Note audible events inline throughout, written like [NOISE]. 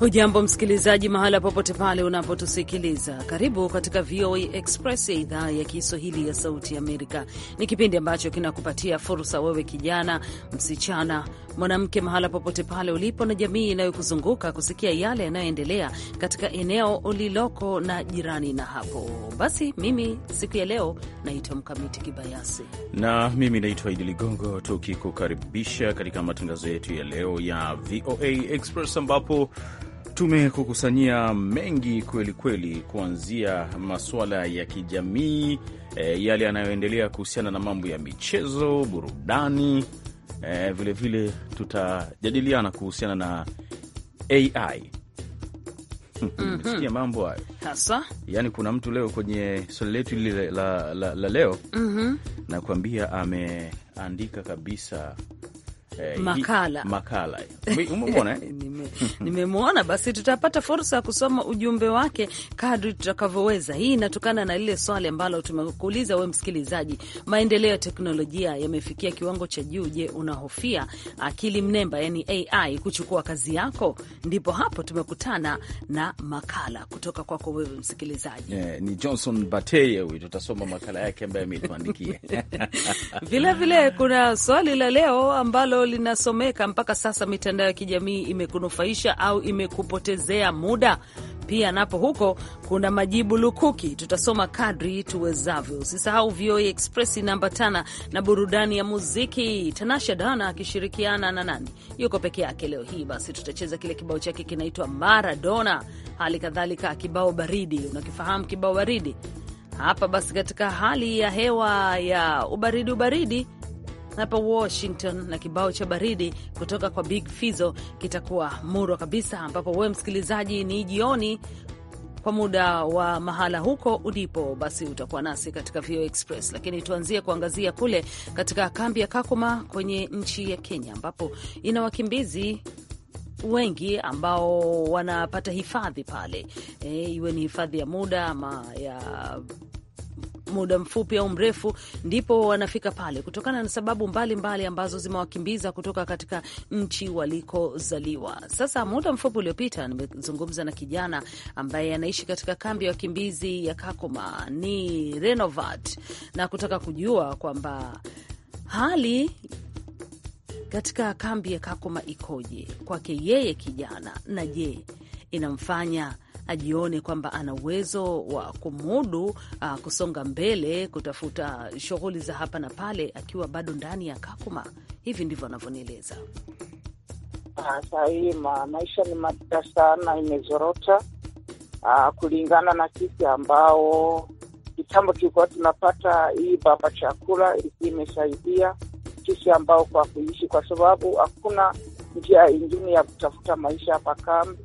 Hujambo msikilizaji, mahala popote pale unapotusikiliza, karibu katika VOA Express ya idhaa ya Kiswahili ya Sauti Amerika. Ni kipindi ambacho kinakupatia fursa wewe, kijana, msichana, mwanamke, mahala popote pale ulipo na jamii inayokuzunguka kusikia yale yanayoendelea katika eneo uliloko na jirani na hapo. Basi mimi siku ya leo naitwa Mkamiti Kibayasi na mimi naitwa Idi Ligongo, tukikukaribisha katika matangazo yetu ya leo ya VOA Express ambapo Tumekukusanyia mengi kweli kweli, kuanzia masuala ya kijamii e, yale yanayoendelea kuhusiana na mambo ya michezo, burudani vilevile eh, vile tutajadiliana kuhusiana na AI. [LAUGHS] mm -hmm. Sikia mambo hayo hasa, yaani kuna mtu leo kwenye swali letu hili la, la, la leo mm -hmm. nakuambia ameandika kabisa Eh, makala, makala. Umemwona eh? [LAUGHS] Nimemwona basi tutapata fursa ya kusoma ujumbe wake kadri tutakavyoweza. Hii inatokana na lile swali ambalo tumekuuliza we msikilizaji, maendeleo ya teknolojia yamefikia kiwango cha juu. Je, unahofia akili mnemba yani AI kuchukua kazi yako? Ndipo hapo tumekutana na makala kutoka kwako wewe msikilizaji. Yeah, ni Johnson Bateye huyu, tutasoma makala yake ambayo ametuandikia [LAUGHS] vilevile kuna swali la leo ambalo linasomeka mpaka sasa mitandao ya kijamii imekunufaisha au imekupotezea muda? Pia napo huko kuna majibu lukuki, tutasoma kadri tuwezavyo. Usisahau VOA Express inaambatana na burudani ya muziki. Tanasha Dana akishirikiana na nani? Yuko peke yake leo hii. Basi tutacheza kile kibao chake kinaitwa Maradona, hali kadhalika kibao baridi. Unakifahamu kibao baridi? Hapa basi katika hali ya hewa ya ubaridi ubaridi hapa Washington, na kibao cha baridi kutoka kwa Big fizo kitakuwa murwa kabisa, ambapo wewe msikilizaji, ni jioni kwa muda wa mahala huko ulipo, basi utakuwa nasi katika VOA Express. Lakini tuanzie kuangazia kule katika kambi ya Kakuma kwenye nchi ya Kenya, ambapo ina wakimbizi wengi ambao wanapata hifadhi pale, e, iwe ni hifadhi ya muda ama ya muda mfupi au mrefu, ndipo wanafika pale kutokana na sababu mbalimbali mbali ambazo zimewakimbiza kutoka katika nchi walikozaliwa. Sasa muda mfupi uliopita nimezungumza na kijana ambaye anaishi katika kambi ya wakimbizi ya kakoma ni Renovat, na kutaka kujua kwamba hali katika kambi ya kakoma ikoje kwake yeye kijana, na je inamfanya ajione kwamba ana uwezo wa kumudu uh, kusonga mbele, kutafuta shughuli za hapa na pale akiwa bado ndani ya Kakuma. Hivi ndivyo anavyonieleza. Ah, Sahii maisha ni mabaya sana, imezorota uh, kulingana na sisi ambao kitambo tulikuwa tunapata hii baba chakula, ilikuwa imesaidia sisi ambao kwa kuishi, kwa sababu hakuna njia ingine ya kutafuta maisha hapa kambi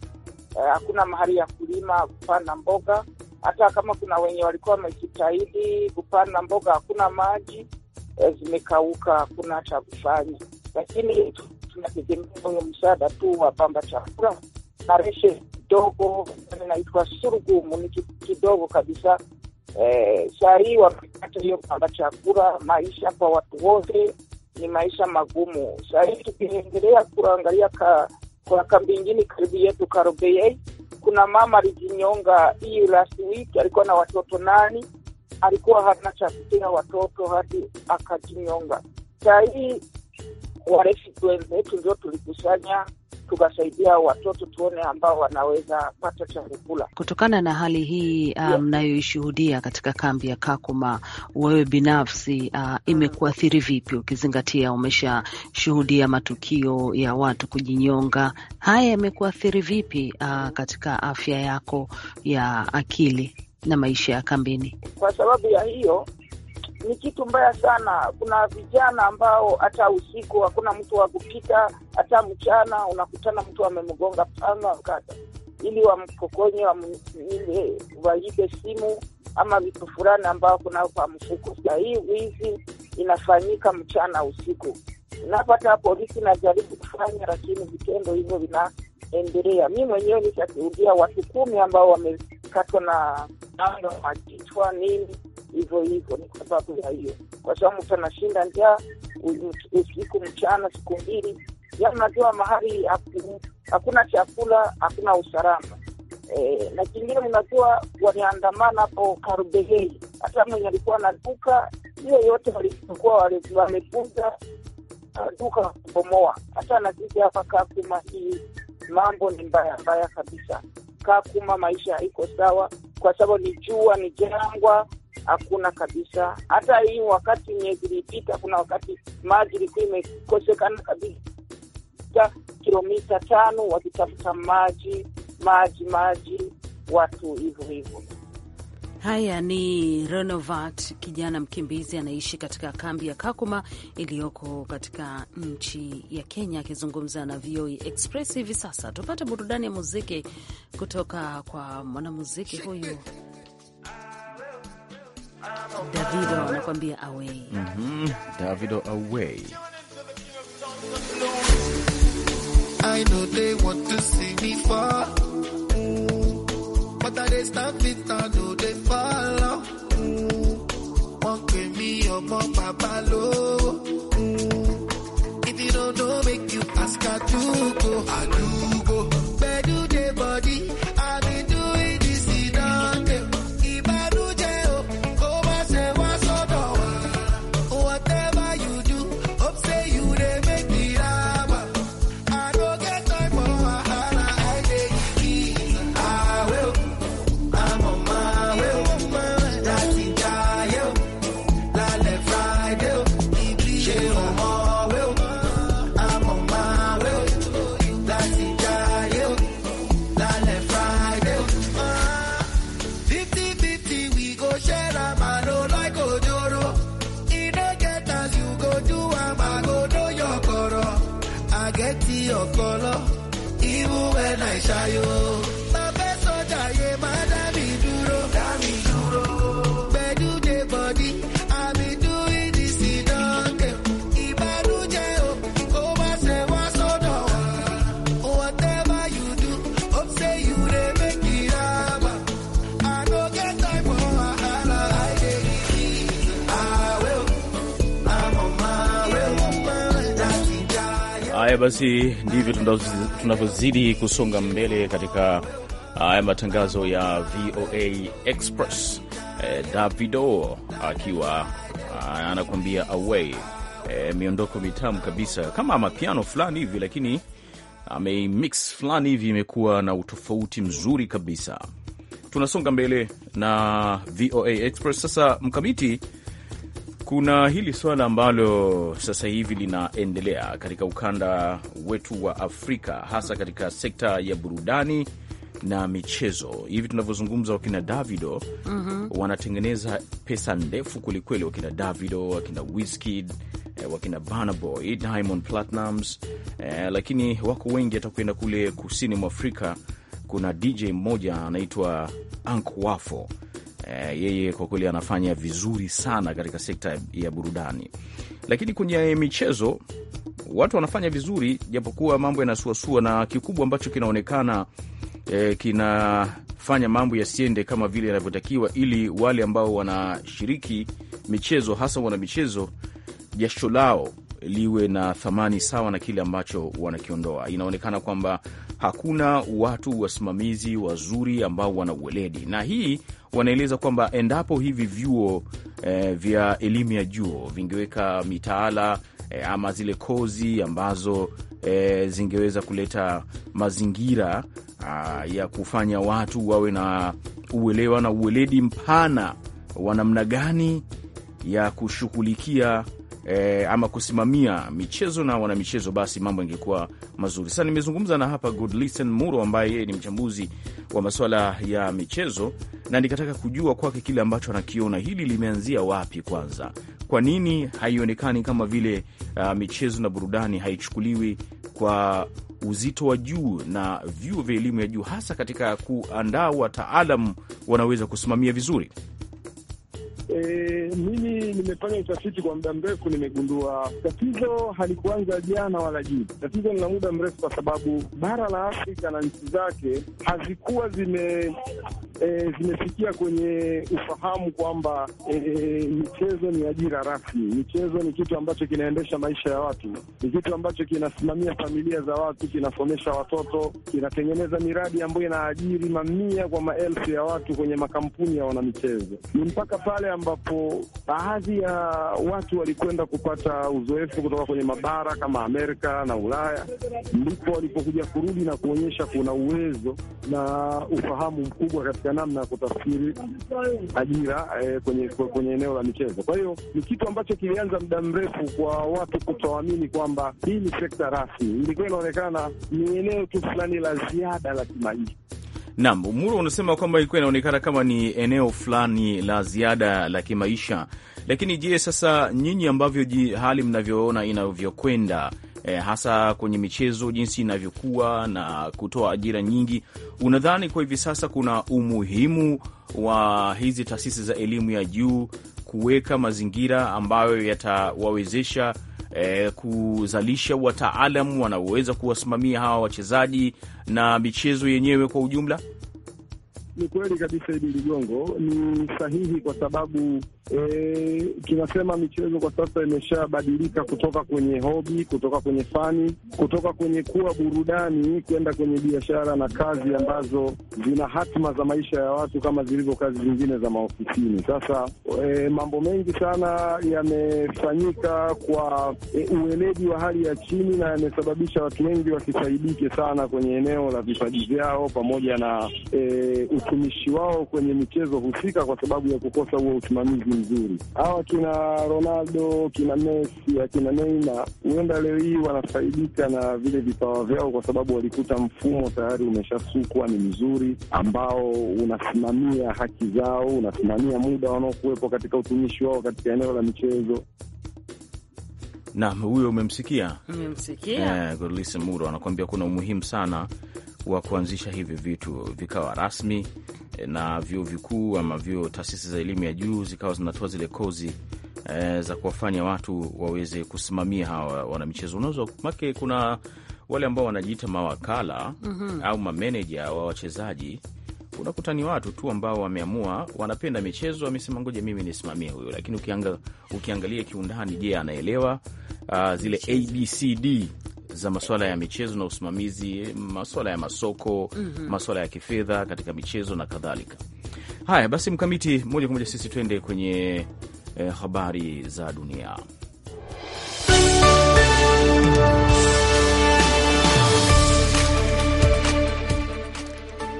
Eh, hakuna uh, mahali ya kulima kupanda mboga. Hata kama kuna wenye walikuwa wamejitahidi kupanda mboga, hakuna maji, uh, zimekauka, hakuna cha kufanya, lakini tunategemea huyo msaada tu wa pamba chakula na reshe kidogo, inaitwa surugumu, ni kidogo kabisa. Eh, saa hii wamepata hiyo pamba chakula. Maisha kwa watu wote ni maisha magumu saa hii, tukiendelea kuangalia ka kwa kambi ingine karibu yetu Karobeye, kuna mama alijinyonga hii last week, alikuwa na watoto nani, alikuwa hana cha watoto hadi akajinyonga. Saa hii wenzetu ndio tulikusanya tukasaidia watoto tuone ambao wanaweza pata cha kutokana na hali hii uh, mnayoishuhudia um, yeah, katika kambi ya Kakuma. Wewe binafsi uh, imekuathiri vipi, ukizingatia umeshashuhudia matukio ya watu kujinyonga? Haya yamekuathiri vipi uh, katika afya yako ya akili na maisha ya kambini? Kwa sababu ya hiyo ni kitu mbaya sana. Kuna vijana ambao hata usiku hakuna mtu wa kupita, hata mchana unakutana mtu amemgonga panga kata, ili wamkokonye wamile, waibe simu ama vitu fulani ambao kuna kwa mfuko. Saa hii wizi inafanyika mchana, usiku napata polisi najaribu kufanya, lakini vitendo hivyo vinaendelea. Mi mwenyewe nishashuhudia watu kumi ambao wamekatwa na anga majichwa nini hivyo hivyo, ni kwa sababu ya hiyo, kwa sababu mtu anashinda njaa usiku mchana, siku mbili, yaani unajua mahali hakuna chakula, hakuna usalama e, na kingine unajua waliandamana hapo Karubehei, hata mwenye alikuwa na duka hiyo yote walikuwa wamepunja duka wakubomoa. Hata nazidi hapa Kakuma, hii mambo ni mbaya mbaya kabisa. Kakuma maisha haiko sawa, kwa sababu ni jua, ni jangwa hakuna kabisa. Hata hii wakati miezi ilipita, kuna wakati maji ilikuwa imekosekana kabisa, kilomita tano wakitafuta maji maji maji, watu hivyo hivyo. Haya ni Renovat, kijana mkimbizi anaishi katika kambi ya Kakuma iliyoko katika nchi ya Kenya, akizungumza na VOA e Express hivi sasa. Tupate burudani ya muziki kutoka kwa mwanamuziki huyu Davido anakuambia away. Mm-hmm. Davido away. I know they want to see me fall. But I they not stop it, I know they follow. Won't give me up on Papa low. If you don't know, make you ask her to go. I do. Haya basi, ndivyo tunavyozidi kusonga mbele katika uh, haya uh, matangazo ya VOA Express. Eh, Davido akiwa uh, anakuambia away eh, miondoko mitamu kabisa kama amapiano fulani hivi, lakini amemix uh, fulani hivi, imekuwa na utofauti mzuri kabisa. Tunasonga mbele na VOA Express sasa, mkamiti kuna hili swala ambalo sasa hivi linaendelea katika ukanda wetu wa Afrika, hasa katika sekta ya burudani na michezo. Hivi tunavyozungumza, wakina Davido mm -hmm. wanatengeneza pesa ndefu kwelikweli, wakina Davido, wakina Wizkid, eh, wakina Burna Diamond Platnumz, eh, lakini wako wengi. Atakwenda kule kusini mwa Afrika, kuna DJ mmoja anaitwa Ankwafo eh, yeye kwa kweli anafanya vizuri sana katika sekta ya burudani, lakini kwenye michezo watu wanafanya vizuri japokuwa mambo yanasuasua, na kikubwa ambacho kinaonekana eh, kinafanya mambo yasiende kama vile yanavyotakiwa, ili wale ambao wanashiriki michezo, hasa wana michezo, jasho lao liwe na thamani sawa na kile ambacho wanakiondoa. Inaonekana kwamba hakuna watu wasimamizi wazuri ambao wana uweledi, na hii wanaeleza kwamba endapo hivi vyuo eh, vya elimu ya juu vingeweka mitaala eh, ama zile kozi ambazo eh, zingeweza kuleta mazingira ah, ya kufanya watu wawe na uelewa na uweledi mpana wa namna gani ya kushughulikia E, ama kusimamia michezo na wanamichezo, basi mambo yangekuwa mazuri. Sasa nimezungumza na hapa Goodlisten Muro ambaye yeye ni mchambuzi wa masuala ya michezo na nikataka kujua kwake kile ambacho anakiona hili limeanzia wapi kwanza. Kwa nini haionekani kama vile uh, michezo na burudani haichukuliwi kwa uzito wa juu na vyuo vya elimu ya juu, hasa katika kuandaa wataalamu wanaweza kusimamia vizuri? E, mimi nimefanya utafiti kwa muda mrefu, nimegundua tatizo halikuanza jana wala juu. Tatizo ni la muda mrefu, kwa sababu bara la Afrika na nchi zake hazikuwa zime e, zimefikia kwenye ufahamu kwamba e, michezo ni ajira rasmi. Michezo ni kitu ambacho kinaendesha maisha ya watu, ni kitu ambacho kinasimamia familia za watu, kinasomesha watoto, kinatengeneza miradi ambayo inaajiri mamia kwa maelfu ya watu kwenye makampuni ya wanamichezo. Ni mpaka pale ambapo baadhi ya watu walikwenda kupata uzoefu kutoka kwenye mabara kama Amerika na Ulaya, ndipo walipokuja kurudi na kuonyesha kuna uwezo na ufahamu mkubwa katika namna ya kutafsiri ajira eh, kwenye, kwenye eneo la michezo. Kwa hiyo ni kitu ambacho kilianza muda mrefu kwa watu kutoamini kwamba hii ni sekta rasmi, ilikuwa inaonekana ni eneo tu fulani la ziada la kimaisha. Naam, Umuru unasema kwamba ilikuwa inaonekana kama ni eneo fulani la ziada la kimaisha, lakini je, sasa nyinyi ambavyo hali mnavyoona inavyokwenda E, hasa kwenye michezo jinsi inavyokuwa na kutoa ajira nyingi, unadhani kwa hivi sasa kuna umuhimu wa hizi taasisi za elimu ya juu kuweka mazingira ambayo yatawawezesha eh, kuzalisha wataalam wanaoweza kuwasimamia hawa wachezaji na michezo yenyewe kwa ujumla? Ni kweli kabisa, Idi Ligongo, ni sahihi kwa sababu E, tunasema michezo kwa sasa imeshabadilika kutoka kwenye hobi, kutoka kwenye fani, kutoka kwenye kuwa burudani kwenda kwenye biashara na kazi ambazo zina hatima za maisha ya watu kama zilivyo kazi zingine za maofisini. Sasa e, mambo mengi sana yamefanyika kwa e, uweledi wa hali ya chini na yamesababisha watu wengi wasifaidike sana kwenye eneo la vipaji vyao pamoja na e, utumishi wao kwenye michezo husika kwa sababu ya kukosa huo usimamizi nzuri. Hawa kina Ronaldo, kina Messi, akina Neymar huenda leo hii wanafaidika na vile vipawa vyao, kwa sababu walikuta mfumo tayari umeshasukwa, ni mzuri ambao unasimamia haki zao, unasimamia muda wanaokuwepo katika utumishi wao katika eneo la michezo. Naam, huyo umemsikia, umemsikia eh, Muro anakuambia kuna umuhimu sana wa kuanzisha hivi vitu vikawa rasmi na vyuo vikuu ama vyuo taasisi za elimu ya juu zikawa zinatoa zile kozi e, za kuwafanya watu waweze kusimamia hawa wanamichezo. Unaweza make kuna wale ambao wanajiita mawakala mm -hmm. au mameneja wa wachezaji unakuta ni watu tu ambao wameamua wanapenda michezo, wamesema ngoja mimi nisimamie huyo. Lakini ukianga, ukiangalia kiundani, je, anaelewa uh, zile abcd za masuala ya michezo na usimamizi, masuala ya masoko, mm -hmm. masuala ya kifedha katika michezo na kadhalika. Haya basi, Mkamiti, moja kwa moja sisi tuende kwenye eh, habari za dunia.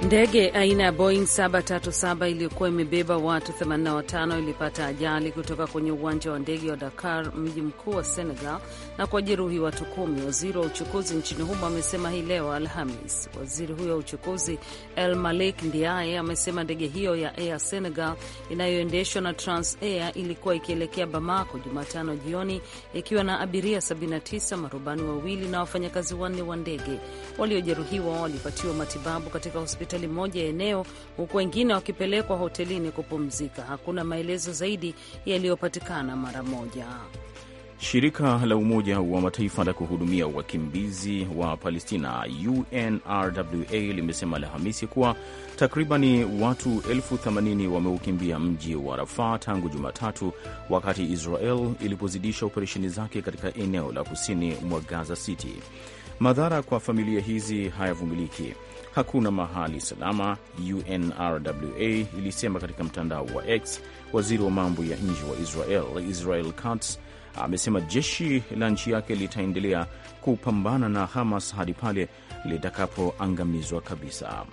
Ndege aina ya Boeing 737 iliyokuwa imebeba watu 85 ilipata ajali kutoka kwenye uwanja wa ndege wa Dakar, mji mkuu wa Senegal, na kuwajeruhi watu kumi. Waziri wa uchukuzi nchini humo amesema hii leo Alhamis. Waziri huyo wa uchukuzi El Malik Ndiaye amesema ndege hiyo ya Air Senegal inayoendeshwa na Trans Air ilikuwa ikielekea Bamako Jumatano jioni ikiwa na abiria 79, marubani wawili na wafanyakazi wanne wa ndege. Waliojeruhiwa walipatiwa matibabu katika hospitali hoteli moja eneo, huku wengine wakipelekwa hotelini kupumzika. Hakuna maelezo zaidi yaliyopatikana mara moja. Shirika la Umoja wa Mataifa la kuhudumia wakimbizi wa Palestina, UNRWA, limesema Alhamisi kuwa takribani watu elfu themanini wameukimbia mji wa Rafaa tangu Jumatatu, wakati Israel ilipozidisha operesheni zake katika eneo la kusini mwa Gaza City. Madhara kwa familia hizi hayavumiliki hakuna mahali salama, UNRWA ilisema katika mtandao wa X. Waziri wa mambo ya nje wa Israel Israel Katz amesema jeshi la nchi yake litaendelea kupambana na Hamas hadi pale litakapoangamizwa kabisa.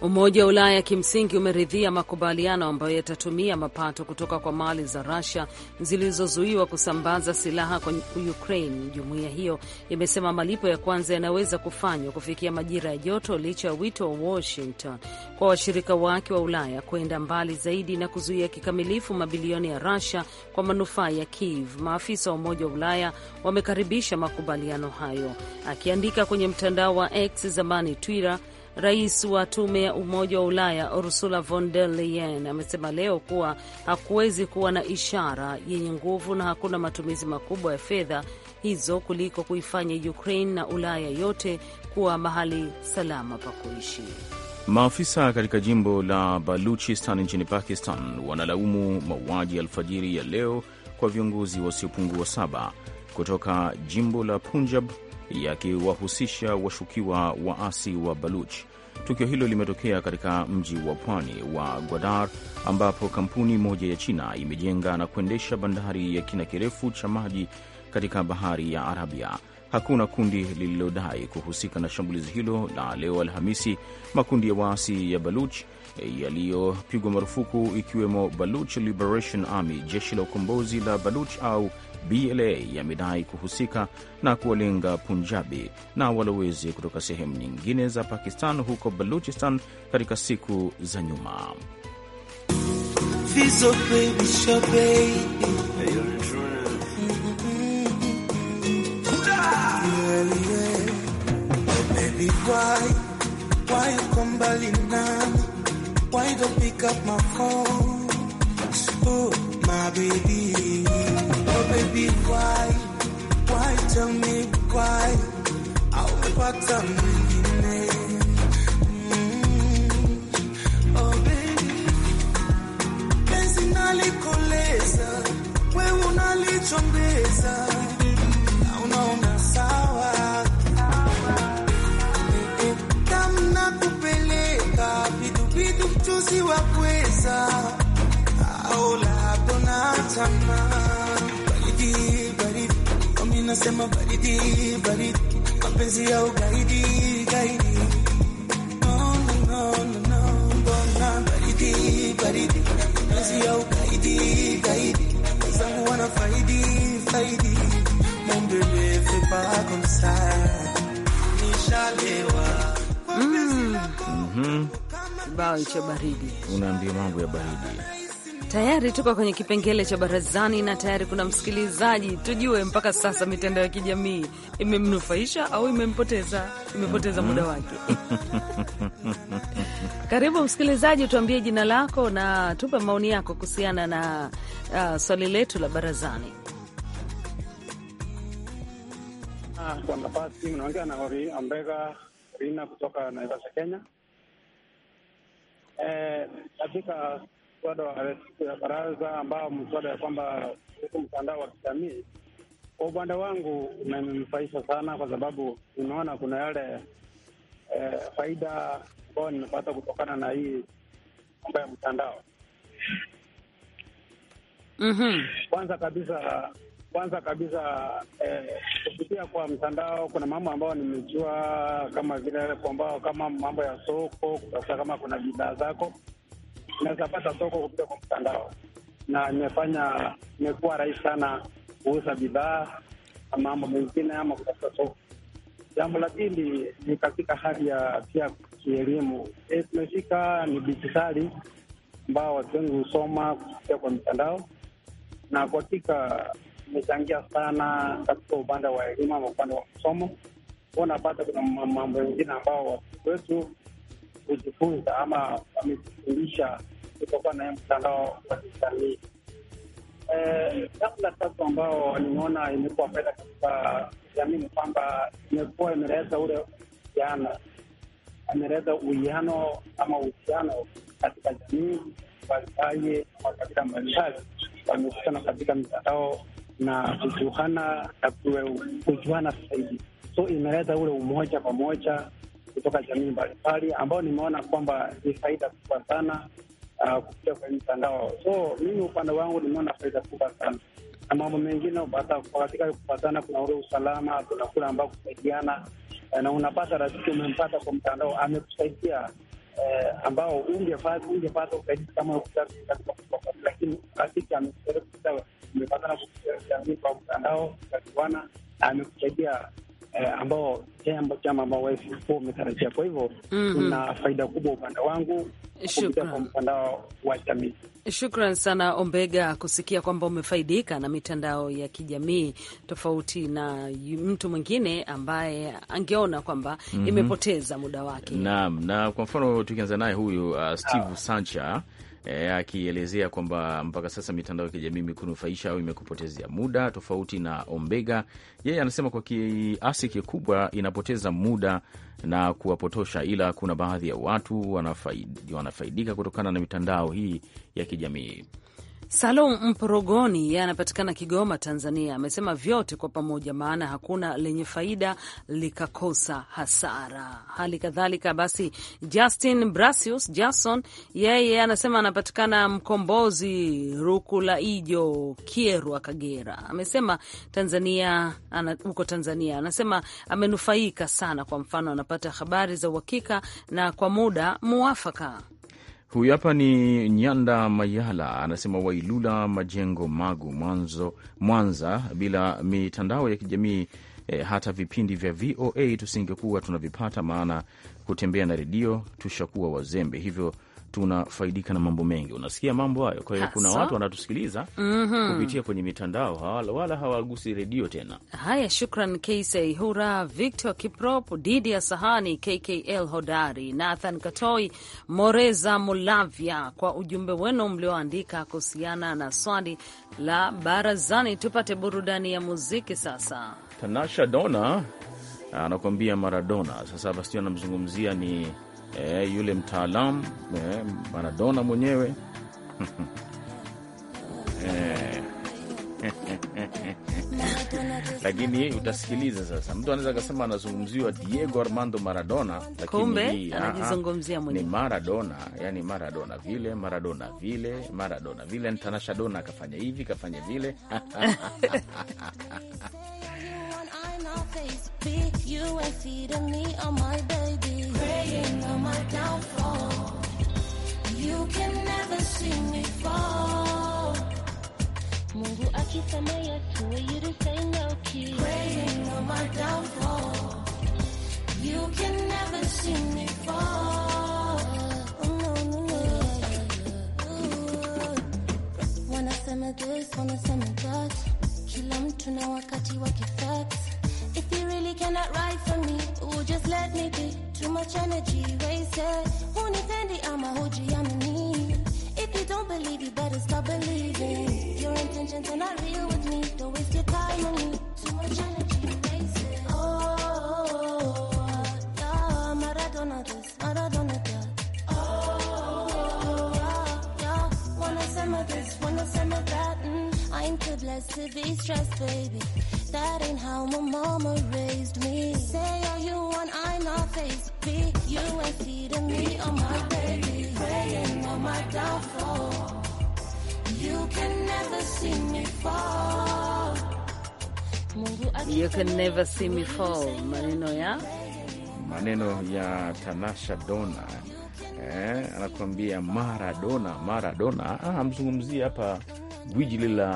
Umoja wa Ulaya kimsingi umeridhia makubaliano ambayo yatatumia mapato kutoka kwa mali za Russia zilizozuiwa kusambaza silaha kwa Ukraine. Jumuiya hiyo imesema malipo ya kwanza yanaweza kufanywa kufikia majira ya joto, licha ya wito wa Washington kwa washirika wake wa Ulaya kwenda mbali zaidi na kuzuia kikamilifu mabilioni ya Russia kwa manufaa ya Kiev. Maafisa wa Umoja wa Ulaya wamekaribisha makubaliano hayo. Akiandika kwenye mtandao wa X, zamani Twitter, Rais wa tume ya Umoja wa Ulaya Ursula von der Leyen amesema leo kuwa hakuwezi kuwa na ishara yenye nguvu na hakuna matumizi makubwa ya fedha hizo kuliko kuifanya Ukraine na Ulaya yote kuwa mahali salama pa kuishi. Maafisa katika jimbo la Baluchistan nchini Pakistan wanalaumu mauaji alfajiri ya leo kwa viongozi wasiopungua wa saba kutoka jimbo la Punjab yakiwahusisha washukiwa waasi wa Baluch. Tukio hilo limetokea katika mji wa pwani wa Gwadar ambapo kampuni moja ya China imejenga na kuendesha bandari ya kina kirefu cha maji katika bahari ya Arabia. Hakuna kundi lililodai kuhusika na shambulizi hilo, na leo Alhamisi makundi ya waasi ya Baluch eh, yaliyopigwa marufuku ikiwemo Baluch Liberation Army, jeshi la ukombozi la Baluch au BLA yamedai kuhusika na kuwalenga Punjabi na walowezi kutoka sehemu nyingine za Pakistan huko Baluchistan katika siku za nyuma baby, why why, tell me why aupata mwingine? Mm. Oh baby, penzi nalikoleza, wewe unalichongeza na unaona sawa tamna kupeleka viduvidu mchuzi wa kweza aola hapo na tamaa nasema baridi baridi, mapenzi ya ugaidi gaidi, no no no, no no, mbona baridi baridi, mapenzi ya ugaidi gaidi, zangu wana faidi, mon Dieu ne fais pas comme ça, nishalewa kibao hicho baridi, unaambia mambo ya baridi Tayari tuko kwenye kipengele cha barazani na tayari kuna msikilizaji. Tujue mpaka sasa mitandao ya kijamii imemnufaisha au imempoteza, imepoteza muda mhm. wake. [LAUGHS] Karibu msikilizaji, tuambie jina lako na tupe maoni yako kuhusiana na uh, swali letu la barazani. Ah, kwa nafasi mnaongea na Ori Ambega Rina kutoka Naivasha, Kenya. Eh, katika mswada wa ya baraza ambao mswada ya kwamba huku mtandao wa kijamii, kwa upande wangu umenufaisha sana, kwa sababu nimeona kuna yale eh, faida ambayo nimepata kutokana na hii mambo ya mtandao. mm -hmm. Kwanza kabisa kwanza kabisa eh, kupitia kwa mtandao kuna mambo ambayo nimejua kama vile ambao kama mambo ya soko, kutafuta kama kuna bidhaa zako naweza pata soko kupitia kwa mtandao, na nimefanya imekuwa rahisi sana kuuza bidhaa na mambo mengine ama kutafuta soko. Jambo la pili ni katika hali ya pia kielimu, e, tumefika ni dijitali ambao watu wengi husoma kupitia kwa mitandao, na kwa hakika imechangia sana katika upande wa elimu ama upande wa masomo. Unapata kuna mambo mengine ambao watu wetu kujifunza ama amejifundisha kutokuwa na mtandao wa kijamii. Jambo eh, la tatu ambao nimeona imekuwa faida katika jamii ni kwamba imekuwa imeleta ule uhusiano, imeleta uwiano ama uhusiano katika jamii mbalimbali wa mbalimbali wamekutana katika mitandao na kujuana na kujuana zaidi, so imeleta ule umoja pamoja kutoka jamii mbalimbali, ambao nimeona kwamba ni faida kubwa sana uh, kupitia kwenye mtandao. So mimi upande wangu nimeona faida kubwa sana na mambo mengine upata katika kupatana, kuna ule usalama, kuna kule ambao kusaidiana, eh, na unapata rafiki umempata kwa mtandao, amekusaidia eh, ambao ungepata usaidizi kama lakini rafiki amepatana kwa mtandao, kaiwana amekusaidia eh, ambao chama ambao walikuwa umetarajia. Kwa hivyo mm -hmm. faida kubwa upande wangu mtandao wa jamii. Shukran sana Ombega, kusikia kwamba umefaidika na mitandao ya kijamii tofauti na mtu mwingine ambaye angeona kwamba mm -hmm. imepoteza muda wake. Naam, na kwa mfano tukianza naye huyu uh, Steve ah. Sancha e, akielezea kwamba mpaka sasa mitandao ya kijamii imekunufaisha au imekupotezea muda, tofauti na Ombega. Yeye anasema kwa kiasi kikubwa inapoteza muda na kuwapotosha, ila kuna baadhi ya watu wanafaidika kutokana na mitandao hii ya kijamii. Salum Mporogoni yeye anapatikana Kigoma, Tanzania, amesema vyote kwa pamoja, maana hakuna lenye faida likakosa hasara. Hali kadhalika basi, Justin Brasius Jason yeye anasema anapatikana Mkombozi ijo Kierwa, Kagera, amesema Tanzania huko Tanzania, anasema amenufaika sana. Kwa mfano, anapata habari za uhakika na kwa muda muafaka. Huyu hapa ni Nyanda Mayala, anasema Wailula Majengo, Magu, mwanzo, Mwanza. Bila mitandao ya kijamii e, hata vipindi vya VOA tusingekuwa tunavipata, maana kutembea na redio tushakuwa wazembe hivyo tunafaidika na mambo mengi, unasikia mambo hayo. Kwa hiyo kuna watu wanatusikiliza mm -hmm. kupitia kwenye mitandao hawala, wala hawagusi redio tena. Haya, shukran Kc Hura, Victor Kiprop, Didi ya Sahani, KKL Hodari, Nathan Katoi, Moreza Mulavya kwa ujumbe wenu mlioandika kuhusiana na swali la barazani. Tupate burudani ya muziki sasa. Tanasha Dona anakuambia Maradona. Sasa basi anamzungumzia ni e, yule mtaalamu e, Maradona mwenyewe [LAUGHS] e. [LAUGHS] Lakini utasikiliza sasa, mtu anaweza akasema anazungumziwa Diego Armando Maradona, lakini anajizungumzia mwenyewe ni Maradona, yani Maradona vile, Maradona vile, Maradona vile, Ntanashadona akafanya hivi, kafanya vile [LAUGHS] Mine i face big. You ain't feeding me or oh my baby. Praying on my downfall. You can never see me fall. Mungu akisamehe tu, you to say no kid. Praying on my downfall. You can never see me fall. Oh, wanasema this, wanasema that. Kila mtu na wakati wake facts. If you really cannot ride for me, oh, just let me be. Too much energy wasted. Who needs Andy? I'm a hoji, I'm a need. If you don't believe, you better stop believing. Your intentions are not real with me. Don't waste your time on me. Too much energy wasted. Oh, oh, oh, yeah, Maradona this, Maradona that. Oh, oh, yeah, yeah. Wanna send my this, wanna send my that. Mm, I ain't too blessed to be stressed, baby. That ain't how my mama raised me. Say all you want, I'm not face B. you ain't feeding me on my baby. Praying on my downfall. You can never see me fall. You can never see me fall. Maneno ya maneno ya Tanasha Dona eh, anakuambia Maradona, Maradona. Ah, amzungumzia hapa gwiji lile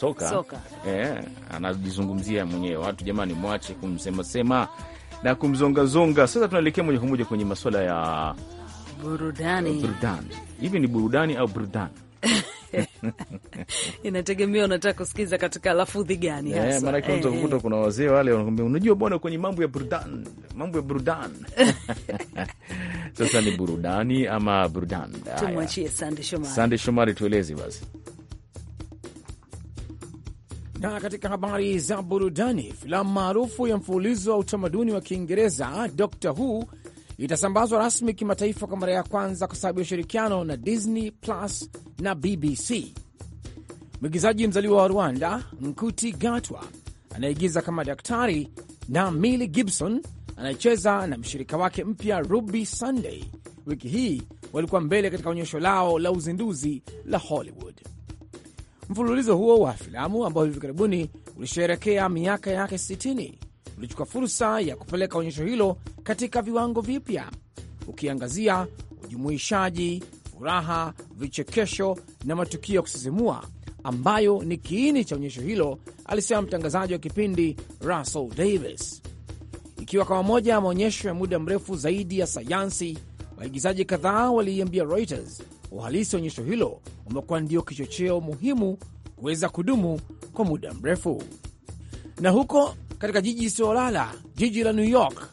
soka, soka. Eh, anajizungumzia mwenyewe, watu jamani, mwache kumsemasema na kumzongazonga. Sasa tunaelekea moja kwa moja kwenye masuala ya burudani. Burudani hivi ni burudani au burudani? [LAUGHS] Inategemea unataka kusikiza katika lafudhi gani eh, hasa. Maanake unaweza eh. kukuta kuna wazee wale wanakwambia, unajua bwana, kwenye mambo ya burudan, mambo ya burudan [LAUGHS] Sasa ni burudani ama burudani? Tumwachie Sande Shomari. Sande Shomari, tueleze basi. Na katika habari za burudani, filamu maarufu ya mfululizo wa utamaduni wa Kiingereza Doctor Who itasambazwa rasmi kimataifa kwa mara ya kwanza kwa sababu ya ushirikiano na Disney Plus na BBC. Mwigizaji mzaliwa wa Rwanda Nkuti Gatwa anayeigiza kama daktari na Millie Gibson anayecheza na mshirika wake mpya Ruby Sunday wiki hii walikuwa mbele katika onyesho lao la uzinduzi la Hollywood. Mfululizo huo wa filamu ambao hivi karibuni ulisherekea miaka yake 60 ulichukua fursa ya kupeleka onyesho hilo katika viwango vipya, ukiangazia ujumuishaji, furaha, vichekesho na matukio ya kusisimua ambayo ni kiini cha onyesho hilo, alisema mtangazaji wa kipindi Russell Davis. Ikiwa kama moja ya maonyesho ya muda mrefu zaidi ya sayansi, waigizaji kadhaa waliiambia Reuters Uhalisi wa onyesho hilo umekuwa ndio kichocheo muhimu kuweza kudumu kwa muda mrefu. Na huko katika jiji isiolala, jiji la New York,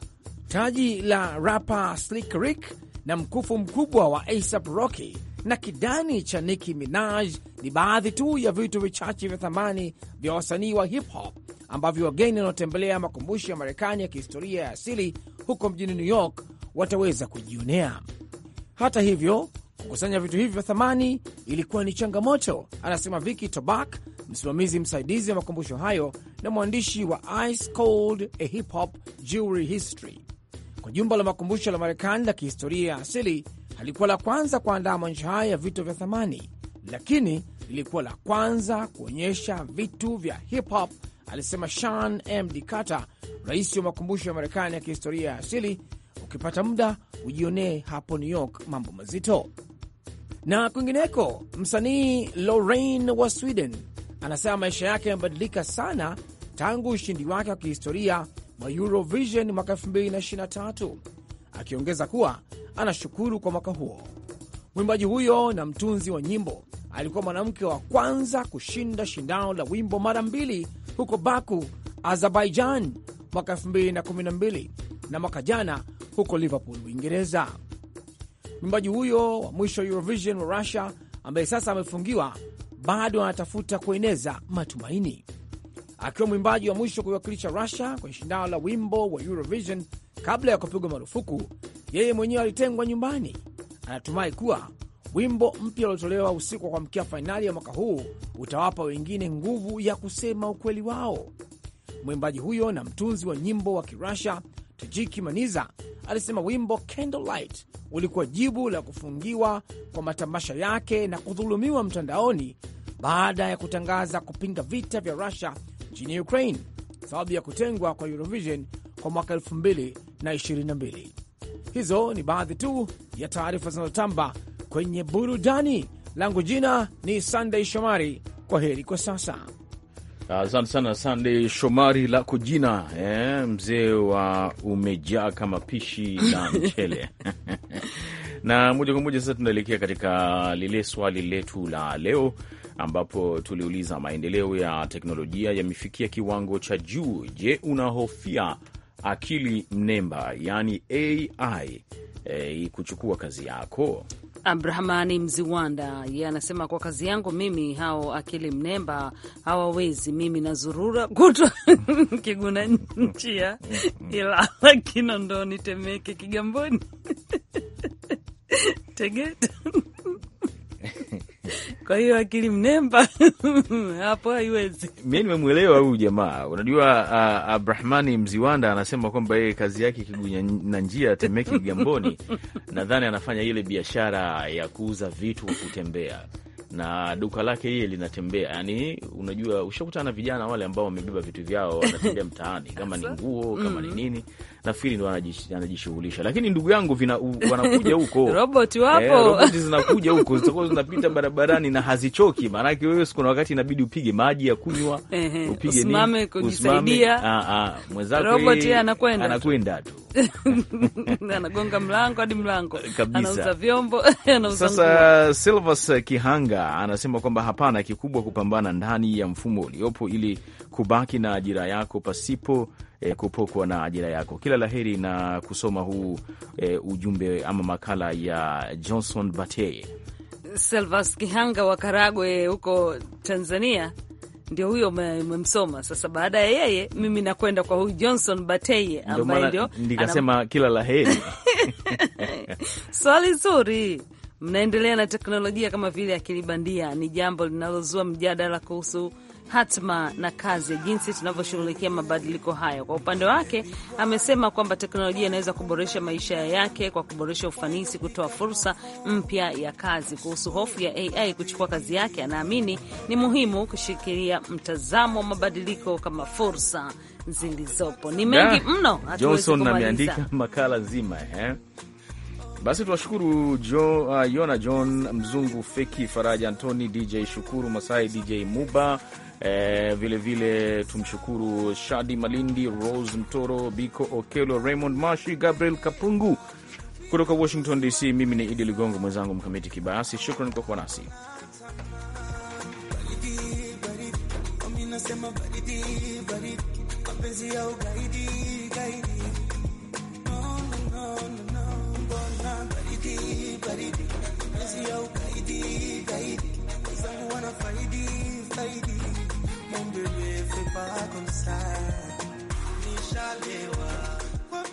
taji la rapa Slick Rick na mkufu mkubwa wa ASAP Rocky na kidani cha Nicki Minaj ni baadhi tu ya vitu vichache vya thamani vya wasanii wa hip hop ambavyo wageni wanaotembelea makumbusho ya Marekani ya kihistoria ya asili huko mjini New York wataweza kujionea. Hata hivyo, Kukusanya vitu hivi vya thamani ilikuwa ni changamoto, anasema Viki Tobak, msimamizi msaidizi wa makumbusho hayo na mwandishi wa Ice Cold a Hip Hop Jewelry History. Kwa jumba la makumbusho la Marekani la kihistoria ya asili halikuwa la kwanza kuandaa maonyesho haya ya vitu vya thamani, lakini lilikuwa la kwanza kuonyesha vitu vya hip hop, alisema Sean M. Dikata, rais wa makumbusho ya Marekani ya kihistoria ya asili. Ukipata muda ujionee hapo New York mambo mazito. Na kwingineko, msanii Lorraine wa Sweden anasema maisha yake yamebadilika sana tangu ushindi wake wa kihistoria wa Eurovision mwaka 2023, akiongeza kuwa anashukuru kwa mwaka huo. Mwimbaji huyo na mtunzi wa nyimbo alikuwa mwanamke wa kwanza kushinda shindano la wimbo mara mbili huko Baku, Azerbaijan mwaka 2012 na mwaka jana huko Liverpool, Uingereza mwimbaji huyo wa mwisho wa Eurovision wa Russia ambaye sasa amefungiwa, bado anatafuta kueneza matumaini akiwa mwimbaji wa mwisho kuiwakilisha Russia kwenye shindano la wimbo wa Eurovision kabla ya kupigwa marufuku. Yeye mwenyewe alitengwa nyumbani. Anatumai kuwa wimbo mpya uliotolewa usiku wa kuamkia fainali ya mwaka huu utawapa wengine nguvu ya kusema ukweli wao. Mwimbaji huyo na mtunzi wa nyimbo wa kirusia Tajiki Maniza alisema wimbo Candlelight ulikuwa jibu la kufungiwa kwa matamasha yake na kudhulumiwa mtandaoni baada ya kutangaza kupinga vita vya Rusia nchini Ukraine, sababu ya kutengwa kwa Eurovision kwa mwaka 2022. Hizo ni baadhi tu ya taarifa zinazotamba kwenye burudani. Langu jina ni Sunday Shomari. Kwa heri kwa sasa. Asante sana Sande Shomari la kujina eh, mzee wa umejaa kama pishi la [LAUGHS] mchele [LAUGHS] na moja kwa moja sasa tunaelekea katika lile swali letu la leo, ambapo tuliuliza maendeleo ya teknolojia yamefikia kiwango cha juu. Je, unahofia akili mnemba, yaani AI, eh, kuchukua kazi yako? Abrahamani Mziwanda yeye anasema kwa kazi yangu mimi, hao akili mnemba hawawezi, mimi nazurura kutwa [LAUGHS] Kiguna njia Ilala, Kinondoni, Temeke, Kigamboni, [LAUGHS] Tegeta kwa hiyo akili mnemba [LAUGHS] hapo haiwezi. Mi nimemwelewa huyu jamaa. Unajua uh, Abrahmani Mziwanda anasema kwamba yeye kazi yake Kigunya na njia Temeke Kigamboni, [LAUGHS] nadhani anafanya ile biashara ya kuuza vitu kutembea na duka lake yeye linatembea. Yani, unajua ushakutana na vijana wale ambao wamebeba vitu vyao wanatembea mtaani, kama ni nguo, kama ni mm. nini nafikiri ndo anajishughulisha, lakini ndugu yangu vina u, wanakuja huko [LAUGHS] roboti wapo eh, roboti zinakuja huko zitakuwa zinapita barabarani na hazichoki, maanake wewe siku wakati inabidi upige maji ya kunywa [LAUGHS] upige usimame kujisaidia. Ah, ah, mwenzako roboti anakwenda anakwenda tu [LAUGHS] anagonga mlango hadi mlango eh, kabisa, anauza vyombo Sasa Silvas Kihanga anasema kwamba hapana, kikubwa kupambana ndani ya mfumo uliopo ili kubaki na ajira yako pasipo e, kupokwa na ajira yako. Kila laheri na kusoma huu e, ujumbe ama makala ya Johnson Bate Selvas Kihanga wa Karagwe huko Tanzania. Ndio huyo umemsoma sasa. Baada ya yeye, mimi nakwenda kwa huyu Johnson Bateye ambaye ndio nikasema kila la heri [LAUGHS] swali zuri. Mnaendelea na teknolojia kama vile akili bandia, ni jambo linalozua mjadala kuhusu hatma na kazi ya jinsi tunavyoshughulikia mabadiliko hayo. Kwa upande wake, amesema kwamba teknolojia inaweza kuboresha maisha yake kwa kuboresha ufanisi, kutoa fursa mpya ya kazi. Kuhusu hofu ya AI kuchukua kazi yake, anaamini ni muhimu kushikilia mtazamo wa mabadiliko kama fursa zilizopo. Ni mengi mno, Johnson ameandika makala nzima eh? Basi tuwashukuru jo, uh, Yona John Mzungu, Feki Faraja, Antoni DJ Shukuru Masai, DJ Muba vilevile eh, vile tumshukuru Shadi Malindi, Rose Mtoro, Biko Okelo, Raymond Mashi, Gabriel Kapungu kutoka Washington DC. Mimi ni Idi Ligongo, mwenzangu Mkamiti Kibayasi. Shukran kwa kuwa nasi. Baridi, baridi, mon bébé, fais pas comme ça. Nichalewa.